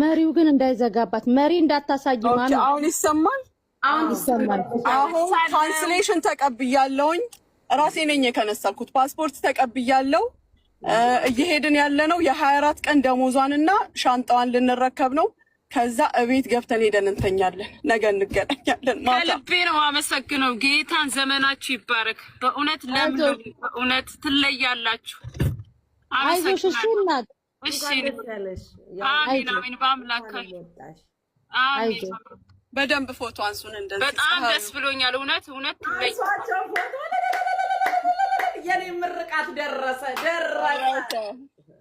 መሪው ግን እንዳይዘጋባት መሪ እንዳታሳይ። ማለት ነው። አሁን ይሰማል፣ አሁን ይሰማል። አሁን ትራንስሌሽን ተቀብያለሁኝ። ራሴ ነኝ የከነሰልኩት። ፓስፖርት ተቀብያለሁ። እየሄድን ያለ ነው። የሀያ አራት ቀን ደሞዟን እና ሻንጣዋን ልንረከብ ነው። ከዛ እቤት ገብተን ሄደን እንተኛለን። ነገ እንገናኛለን። ከልቤ ነው አመሰግነው። ጌታን ዘመናችሁ ይባረክ። በእውነት ለምን በእውነት ትለያላችሁ። አይዞሽ እሱ እናት በደንብ ፎቶ አንሱን። እንደዚህ በጣም ደስ ብሎኛል። እውነት እውነት የኔ ምርቃት ደረሰ ደረሰ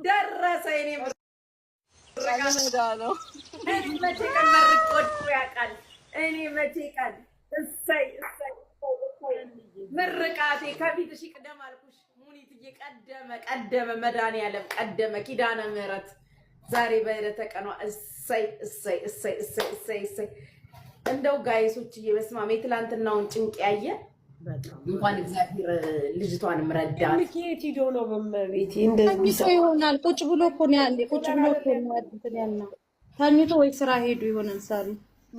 ደረሰ። የኔ ምርቃት ያውቃል? እኔ መቼ ቀን እሰይ እሰይ ምርቃቴ ከፊትሽ ቅደም አልኩሽ። ቀደመ ቀደመ መድኃኒዓለም ቀደመ ኪዳነ ምሕረት ዛሬ በዕለተ ቀኗ እሰይ እሰይ እሰይ እሰይ እሰይ እሰይ እንደው ጋይሶች እየበስማም የትላንትናውን ጭንቅ ያየ እንኳን እግዚአብሔር ልጅቷን ምረዳት። ልኬት ሂዶ ነው በመቤቴ እንደዚህ ሰው ይሆናል። ቁጭ ብሎ እኮ ነው ያለ። ቁጭ ብሎ እኮ ነው ያለ። ታኝቶ ወይ ስራ ሄዱ ይሆናል ሳሉ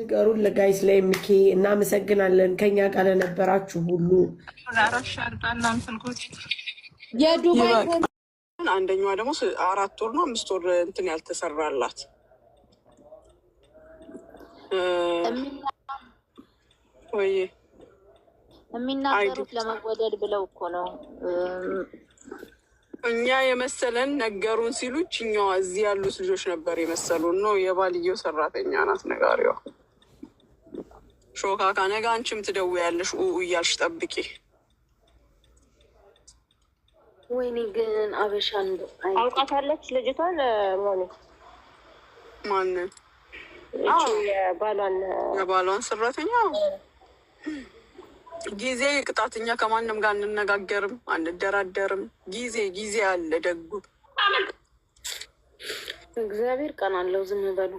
ንገሩን ለጋይስ ላይ ሚኬ እናመሰግናለን። ከኛ ጋር ለነበራችሁ ሁሉ የዱባይ አንደኛዋ ደግሞ አራት ወር ነው አምስት ወር እንትን ያልተሰራላት ወይ የሚናገሩት ለመወደድ ብለው እኮ ነው። እኛ የመሰለን ነገሩን ሲሉ ችኛዋ እዚህ ያሉት ልጆች ነበር የመሰሉን ነው። የባልየው ሰራተኛ ናት ነጋሪዋ ሾካካ። ነጋ አንቺም ትደውያለሽ እያልሽ ጠብቄ ወይኔ ግን አበሻ አውቃታለች ልጅቷን። ሞኒ ማንን? የባሏን የባሏን ሰራተኛ ጊዜ ቅጣትኛ። ከማንም ጋር አንነጋገርም፣ አንደራደርም። ጊዜ ጊዜ አለ ደጉ እግዚአብሔር ቀን አለው። ዝም በሉ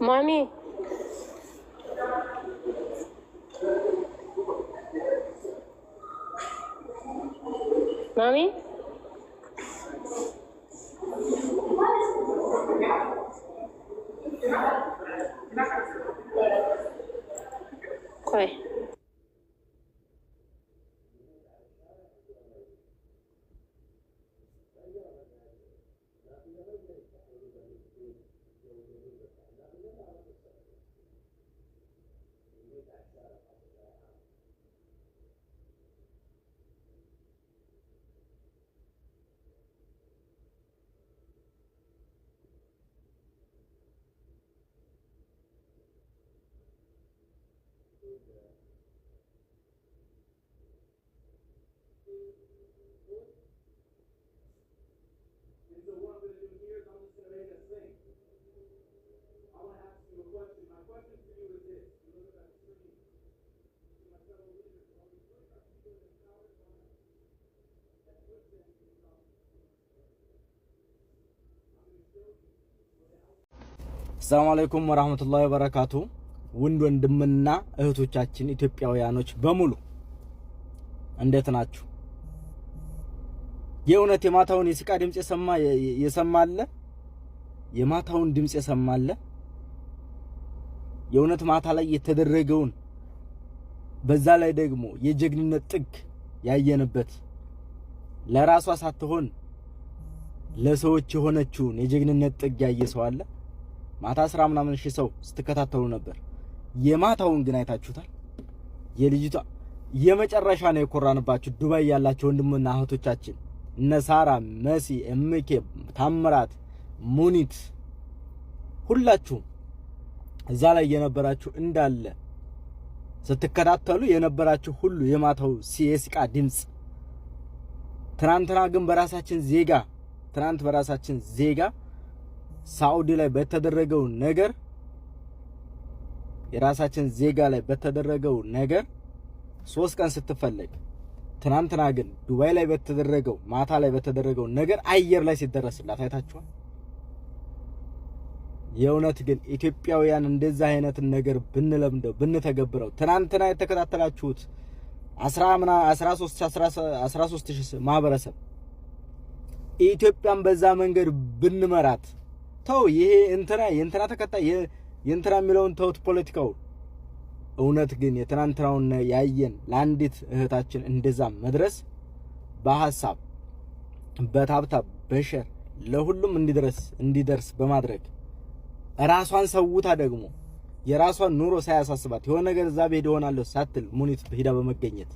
Mami. Mami. Coi. አሰላሙ አለይኩም ወራህመቱላሂ ወበረካቱ። ውንድ ወንድምና እህቶቻችን ኢትዮጵያውያኖች በሙሉ እንዴት ናችሁ? የእውነት የማታውን የስቃ ድምፅ የሰማ የሰማለ የማታውን ድምጽ የሰማለ የእውነት ማታ ላይ የተደረገውን በዛ ላይ ደግሞ የጀግንነት ጥግ ያየንበት ለራሷ ሳትሆን ለሰዎች የሆነችውን የጀግንነት ጥግ ያየ ሰው አለ? ማታ ስራ ምናምን ሺህ ሰው ስትከታተሉ ነበር። የማታውን ግን አይታችሁታል? የልጅቷ የመጨረሻ ነው የኮራንባችሁ። ዱባይ ያላችሁ ወንድምና እህቶቻችን እነ ሳራ፣ መሲ፣ ኤምኬ፣ ታምራት፣ ሙኒት ሁላችሁም እዛ ላይ የነበራችሁ እንዳለ ስትከታተሉ የነበራችሁ ሁሉ የማታው የሲቃ ድምፅ ትናንትና ግን በራሳችን ዜጋ ትናንት በራሳችን ዜጋ ሳዑዲ ላይ በተደረገው ነገር የራሳችን ዜጋ ላይ በተደረገው ነገር ሶስት ቀን ስትፈለግ፣ ትናንትና ግን ዱባይ ላይ በተደረገው ማታ ላይ በተደረገው ነገር አየር ላይ ሲደረስላት አይታችኋል። የእውነት ግን ኢትዮጵያውያን እንደዛ አይነትን ነገር ብንለምደው ብንተገብረው፣ ትናንትና የተከታተላችሁት 10 ምና 13 13 ማህበረሰብ ኢትዮጵያን በዛ መንገድ ብንመራት ተው፣ ይሄ እንትና የእንትና ተከታይ የእንትና የሚለውን ተውት ፖለቲካው። እውነት ግን የትናንትናውን ያየን ለአንዲት እህታችን እንደዛ መድረስ በሀሳብ በታብታብ በሸር ለሁሉም እንዲደረስ እንዲደርስ በማድረግ ራሷን ሰውታ ደግሞ የራሷን ኑሮ ሳያሳስባት የሆነ ነገር እዛ ብሄድ እሆናለሁ ሳትል ሙኒት ሂዳ በመገኘት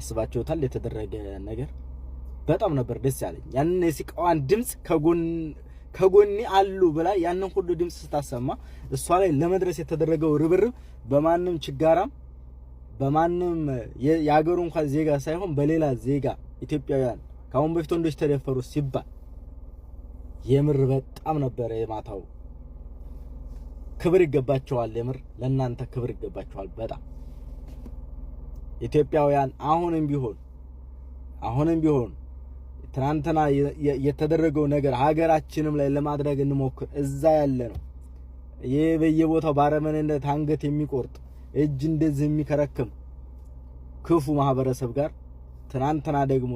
አስባችሁታል የተደረገ ነገር? በጣም ነበር ደስ ያለኝ። ያንን የሲቃዋን ድምፅ ከጎን አሉ ብላ ያንን ሁሉ ድምፅ ስታሰማ እሷ ላይ ለመድረስ የተደረገው ርብርብ በማንም ችጋራም በማንም የአገሩ እንኳን ዜጋ ሳይሆን በሌላ ዜጋ ኢትዮጵያውያን ከአሁን በፊት ወንዶች ተደፈሩ ሲባል የምር በጣም ነበረ የማታው ክብር ይገባቸዋል። የምር ለእናንተ ክብር ይገባቸዋል። በጣም ኢትዮጵያውያን አሁንም ቢሆን አሁንም ቢሆን ትናንትና የተደረገው ነገር ሀገራችንም ላይ ለማድረግ እንሞክር። እዛ ያለ ነው ይህ በየቦታው ባረመንነት አንገት የሚቆርጥ እጅ እንደዚህ የሚከረክም ክፉ ማህበረሰብ ጋር ትናንትና ደግሞ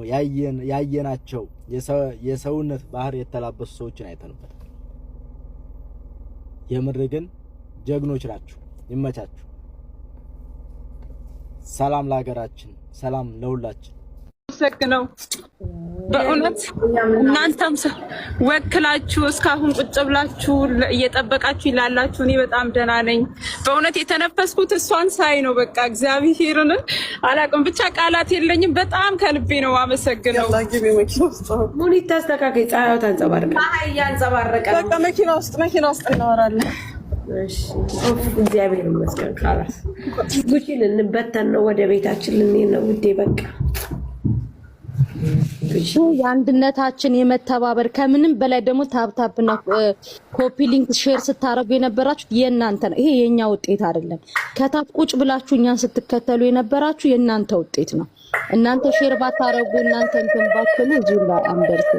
ያየናቸው የሰውነት ባህር የተላበሱ ሰዎችን አይተንበት። የምር ግን ጀግኖች ናችሁ። ይመቻችሁ። ሰላም ለሀገራችን፣ ሰላም ለሁላችን። የምናመሰግነው በእውነት እናንተም ወክላችሁ እስካሁን ቁጭ ብላችሁ እየጠበቃችሁ ይላላችሁ። እኔ በጣም ደህና ነኝ። በእውነት የተነፈስኩት እሷን ሳይ ነው። በቃ እግዚአብሔርን አላውቅም፣ ብቻ ቃላት የለኝም። በጣም ከልቤ ነው አመሰግነው። ሙኒት ታስተካከይ፣ ፀሐዩ ታንጸባርቃል። መኪና ውስጥ መኪና ውስጥ እናወራለን። እግዚአብሔር ይመስገን። ጉቺን እንበተን ነው፣ ወደ ቤታችን ልንሄድ ነው ውዴ። በቃ የአንድነታችን የመተባበር ከምንም በላይ ደግሞ ታብታብና ኮፒ ሊንክ ሼር ስታደረጉ የነበራችሁ የእናንተ ነው። ይሄ የእኛ ውጤት አይደለም። ከታች ቁጭ ብላችሁ እኛን ስትከተሉ የነበራችሁ የእናንተ ውጤት ነው። እናንተ ሼር ባታረጉ፣ እናንተ እንትን ባትሉ እዚሁ ላይ አንደርሱ።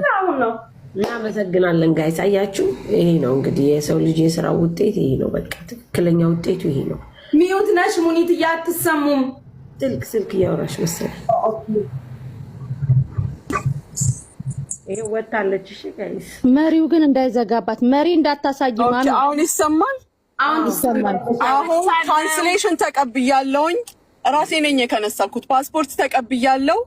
እናመሰግናለን። ጋይ ሳያችሁ፣ ይሄ ነው እንግዲህ የሰው ልጅ የስራ ውጤት ይሄ ነው። በቃ ትክክለኛ ውጤቱ ይሄ ነው። ሚዩት ነሽ ሙኒት፣ እያትሰሙም ጥልቅ ስልክ እያወራሽ መሰለኝ ይሄ ወጣለች። እሺ ጋይስ፣ መሪው ግን እንዳይዘጋባት መሪ እንዳታሳይ። ማለት አሁን ይሰማል፣ አሁን ይሰማል። አሁን ትራንስሌሽን ተቀብያለሁኝ። ራሴ ነኝ የከነሳኩት። ፓስፖርት ተቀብያለሁ።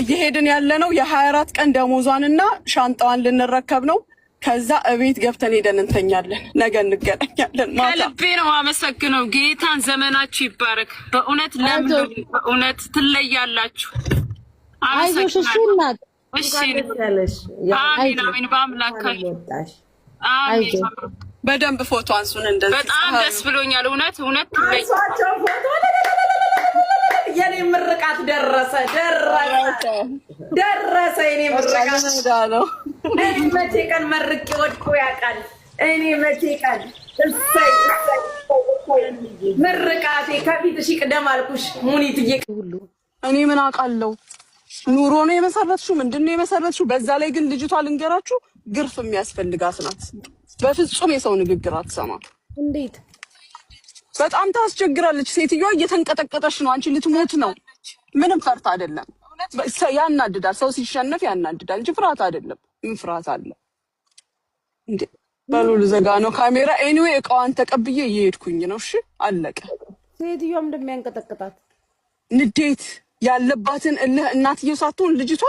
እየሄድን ያለ ነው። የሀያ አራት ቀን ደሞዟንና ሻንጣዋን ልንረከብ ነው። ከዛ እቤት ገብተን ሄደን እንተኛለን። ነገ እንገናኛለን። ከልቤ ነው አመሰግነው። ጌታን ዘመናችሁ ይባረክ። በእውነት ለምን በእውነት ትለያላችሁ። አይዞሽ እሱ እናት በደንብ ፎቶ አንሱን። እንደዚህ በጣም ደስ ብሎኛል። እውነት እውነት የኔ ምርቃት ደረሰ ደረሰ ደረሰ። የኔ ምርቃት እኔ መቼ ቀን መርቄ ወድቆ ያውቃል? እኔ መቼ ቀን እሰይ ምርቃቴ ከፊትሽ ይቅደም አልኩሽ ሙኒትዬ። ሁሉ እኔ ምን አውቃለሁ ኑሮ ነው የመሰረትሽው? ምንድን ነው የመሰረትሽው? በዛ ላይ ግን ልጅቷ ልንገራችሁ ግርፍ የሚያስፈልጋት ናት። በፍጹም የሰው ንግግር አትሰማም። እንዴት በጣም ታስቸግራለች። ሴትዮዋ እየተንቀጠቀጠች ነው። አንቺ ልትሞት ነው። ምንም ፈርት አይደለም። ያናድዳል። ሰው ሲሸነፍ ያናድዳል እንጂ ፍርሃት አይደለም። ምን ፍርሃት አለ እንዴ? በሉ ልዘጋ ነው ካሜራ። ኤኒዌይ እቃዋን ተቀብዬ እየሄድኩኝ ነው። እሺ አለቀ። ሴትዮዋም እንደሚያንቀጠቅጣት ንዴት ያለባትን እልህ እናትዬ ሳትሆን ልጅቷ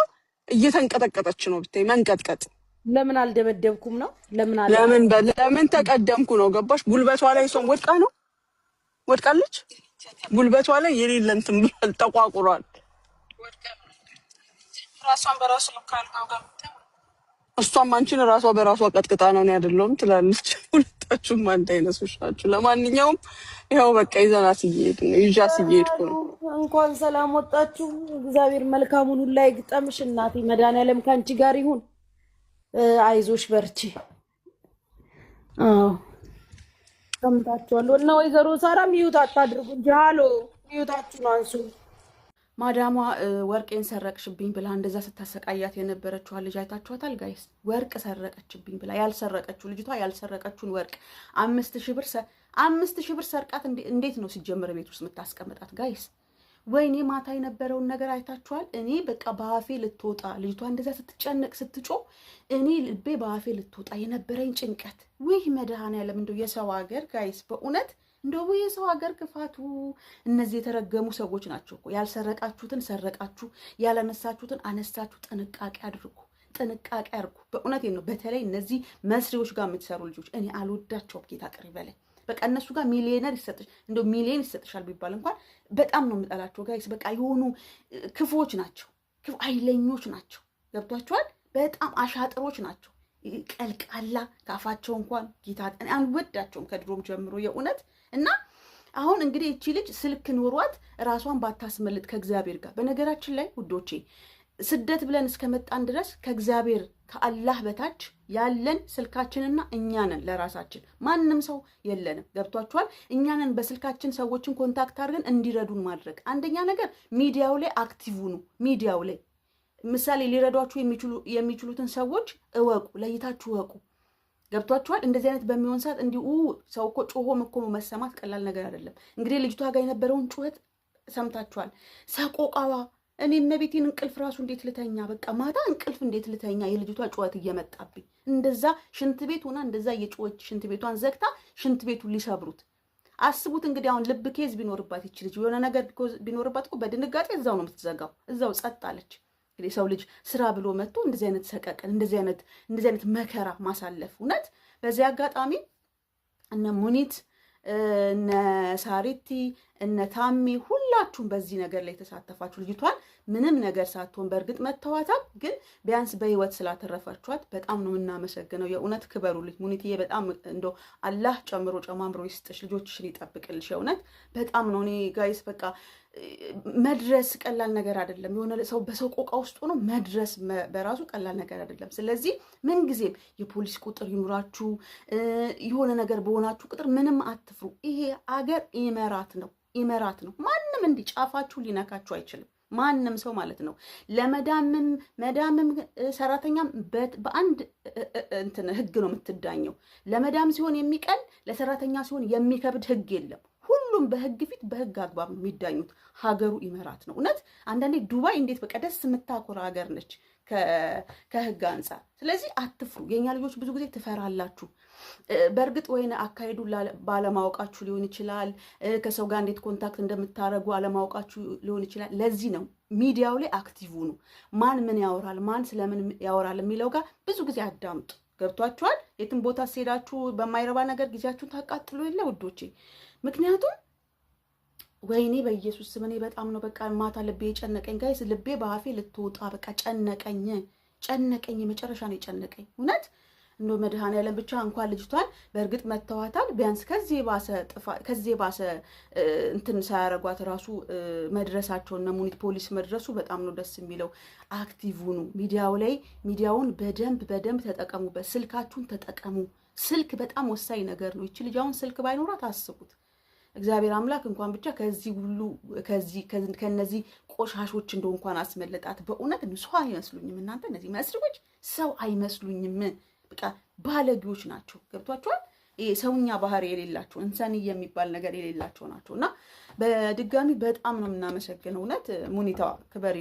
እየተንቀጠቀጠች ነው። ብታይ መንቀጥቀጥ ለምን አልደመደብኩም ነው ለምን ለምን ተቀደምኩ ነው ገባሽ? ጉልበቷ ላይ ሰው ወድቃ ነው ወድቃለች። ጉልበቷ ላይ የሌለ እንትን ብሏል፣ ተቋቁሯል። ራሷን በራሱ እሷም አንቺን ራሷ በራሷ ቀጥቅጣ ነው ያደለውም ትላለች። ሁለታችሁም አንድ አይነት ሰዎች ለማንኛውም ይኸው በቃ ይዘናት እየሄድ ነው ይዣት እየሄድኩ ነው። እንኳን ሰላም ወጣችሁ። እግዚአብሔር መልካሙን ሁላ ይግጠምሽ እናቴ። መድኃኒዓለም ከአንቺ ጋር ይሁን። አይዞሽ በርቺ። አዎ ሰምታችኋለሁ። እና ወይዘሮ ሳራ ሚዩት አታድርጉ እንጂ ሀሎ ይዩታችሁን አንሱ። ማዳሟ ወርቄን ሰረቅሽብኝ ብላ እንደዛ ስታሰቃያት የነበረችዋ ልጅ አይታችኋታል ጋይስ? ወርቅ ሰረቀችብኝ ብላ ያልሰረቀችው ልጅቷ ያልሰረቀችውን ወርቅ አምስት ሺህ ብር አምስት ሺህ ብር ሰርቃት እንዴት ነው ሲጀምር ቤት ውስጥ የምታስቀምጣት ጋይስ? ወይኔ ማታ የነበረውን ነገር አይታችኋል። እኔ በቃ በአፌ ልትወጣ ልጅቷ እንደዛ ስትጨነቅ ስትጮ እኔ ልቤ በአፌ ልትወጣ የነበረኝ ጭንቀት ውህ መድሃን ያለም እንደው የሰው ሀገር ጋይስ በእውነት እንደው የሰው ሀገር ክፋቱ እነዚህ የተረገሙ ሰዎች ናቸው እኮ። ያልሰረቃችሁትን ሰረቃችሁ፣ ያላነሳችሁትን አነሳችሁ። ጥንቃቄ አድርጉ፣ ጥንቃቄ አድርጉ። በእውነት ነው። በተለይ እነዚህ መስሪዎች ጋር የምትሰሩ ልጆች እኔ አልወዳቸውም። ጌታ ቅሪ በላይ በቃ እነሱ ጋር ሚሊዮነር ይሰጥሽ እንደ ሚሊዮን ይሰጥሻል ቢባል እንኳን በጣም ነው የምጠላቸው ጋይስ። በቃ የሆኑ ክፉዎች ናቸው፣ አይለኞች ናቸው። ገብቷቸዋል። በጣም አሻጥሮች ናቸው። ቀልቃላ ከአፋቸው እንኳን ጌታ አንወዳቸውም ከድሮም ጀምሮ የእውነት እና አሁን እንግዲህ እቺ ልጅ ስልክ ኑሯት ራሷን ባታስመልጥ ከእግዚአብሔር ጋር በነገራችን ላይ ውዶቼ ስደት ብለን እስከመጣን ድረስ ከእግዚአብሔር ከአላህ በታች ያለን ስልካችንና እኛንን ለራሳችን ማንም ሰው የለንም። ገብቷችኋል? እኛንን በስልካችን ሰዎችን ኮንታክት አድርገን እንዲረዱን ማድረግ አንደኛ ነገር። ሚዲያው ላይ አክቲቭ ሁኑ። ሚዲያው ላይ ምሳሌ ሊረዷችሁ የሚችሉትን ሰዎች እወቁ፣ ለይታችሁ እወቁ። ገብቷችኋል? እንደዚህ አይነት በሚሆን ሰዓት እንዲሁ ሰው እኮ ጮሆም እኮ መሰማት ቀላል ነገር አይደለም። እንግዲህ ልጅቷ ጋር የነበረውን ጩኸት ሰምታችኋል። ሰቆቃዋ እኔ እመቤቴን እንቅልፍ ራሱ እንዴት ልተኛ፣ በቃ ማታ እንቅልፍ እንዴት ልተኛ፣ የልጅቷ ጩኸት እየመጣብኝ እንደዛ ሽንት ቤት ሆና እንደዛ እየጮኸች ሽንት ቤቷን ዘግታ ሽንት ቤቱን ሊሰብሩት አስቡት። እንግዲህ አሁን ልብ ኬዝ ቢኖርባት ይች የሆነ ነገር ቢኖርባት በድንጋጤ እዛው ነው የምትዘጋው። እዛው ጸጥ አለች። እንግዲህ ሰው ልጅ ስራ ብሎ መጥቶ እንደዚህ አይነት ሰቀቀን እንደዚህ አይነት እንደዚህ አይነት መከራ ማሳለፍ እውነት። በዚህ አጋጣሚ እነ ሙኒት እነ ሳሪቲ እነ ታሚ ሁ ሁላችሁም በዚህ ነገር ላይ የተሳተፋችሁ ልጅቷን ምንም ነገር ሳትሆን በእርግጥ መተዋታል፣ ግን ቢያንስ በህይወት ስላተረፋችኋት በጣም ነው የምናመሰግነው። የእውነት ክበሩልኝ ሙኒትዬ፣ በጣም እንደው አላህ ጨምሮ ጨማምሮ ይስጥሽ፣ ልጆችሽን ይጠብቅልሽ። የእውነት በጣም ነው እኔ ጋይስ፣ በቃ መድረስ ቀላል ነገር አይደለም። የሆነ ሰው በሰው ቆቃ ውስጥ ሆኖ መድረስ በራሱ ቀላል ነገር አይደለም። ስለዚህ ምንጊዜም የፖሊስ ቁጥር ይኑራችሁ፣ የሆነ ነገር በሆናችሁ ቁጥር ምንም አትፍሩ። ይሄ አገር ኢመራት ነው፣ ኢመራት ነው። ማን እንዲህ ጫፋችሁ ሊነካችሁ አይችልም። ማንም ሰው ማለት ነው። ለመዳምም መዳምም ሰራተኛም በአንድ እንትን ህግ ነው የምትዳኘው። ለመዳም ሲሆን የሚቀል ለሰራተኛ ሲሆን የሚከብድ ህግ የለም። ሁሉም በህግ ፊት በህግ አግባብ የሚዳኙት ሀገሩ ይመራት ነው። እውነት አንዳንዴ ዱባይ እንዴት በቃ ደስ የምታኮራ ሀገር ነች ከህግ አንጻር። ስለዚህ አትፍሩ። የእኛ ልጆች ብዙ ጊዜ ትፈራላችሁ። በእርግጥ ወይን አካሄዱ ባለማወቃችሁ ሊሆን ይችላል። ከሰው ጋር እንዴት ኮንታክት እንደምታደርጉ አለማወቃችሁ ሊሆን ይችላል። ለዚህ ነው ሚዲያው ላይ አክቲቭ ሁኑ። ማን ምን ያወራል፣ ማን ስለምን ያወራል የሚለው ጋር ብዙ ጊዜ አዳምጡ። ገብቷችኋል? የትም ቦታ ሲሄዳችሁ በማይረባ ነገር ጊዜያችሁን ታቃጥሉ የለ ውዶቼ። ምክንያቱም ወይኔ በኢየሱስ ስም እኔ በጣም ነው በቃ ማታ ልቤ የጨነቀኝ ጋይስ፣ ልቤ በአፌ ልትወጣ በቃ ጨነቀኝ ጨነቀኝ፣ መጨረሻ ነው የጨነቀኝ እውነት እንዶ መድኃኔዓለም ብቻ እንኳን ልጅቷን በእርግጥ መተዋታል። ቢያንስ ከዚህ የባሰ እንትን ሳያረጓት ራሱ መድረሳቸውን እነ ሙኒት ፖሊስ መድረሱ በጣም ነው ደስ የሚለው። አክቲቭ ሁኑ ሚዲያው ላይ ሚዲያውን በደንብ በደንብ ተጠቀሙበት። ስልካችሁን ተጠቀሙ። ስልክ በጣም ወሳኝ ነገር ነው። ይቺ ልጅ አሁን ስልክ ባይኖራት አስቡት። እግዚአብሔር አምላክ እንኳን ብቻ ከዚህ ሁሉ ከዚህ ከነዚህ ቆሻሾች እንደው እንኳን አስመለጣት። በእውነት ሰው አይመስሉኝም እናንተ እነዚህ መስሪዎች ሰው አይመስሉኝም። በቃ ባለጌዎች ናቸው። ገብቷቸዋል። ይሄ ሰውኛ ባህሪ የሌላቸው እንሰን የሚባል ነገር የሌላቸው ናቸው። እና በድጋሚ በጣም ነው የምናመሰግነው። እውነት ሙኒታ ክበሪ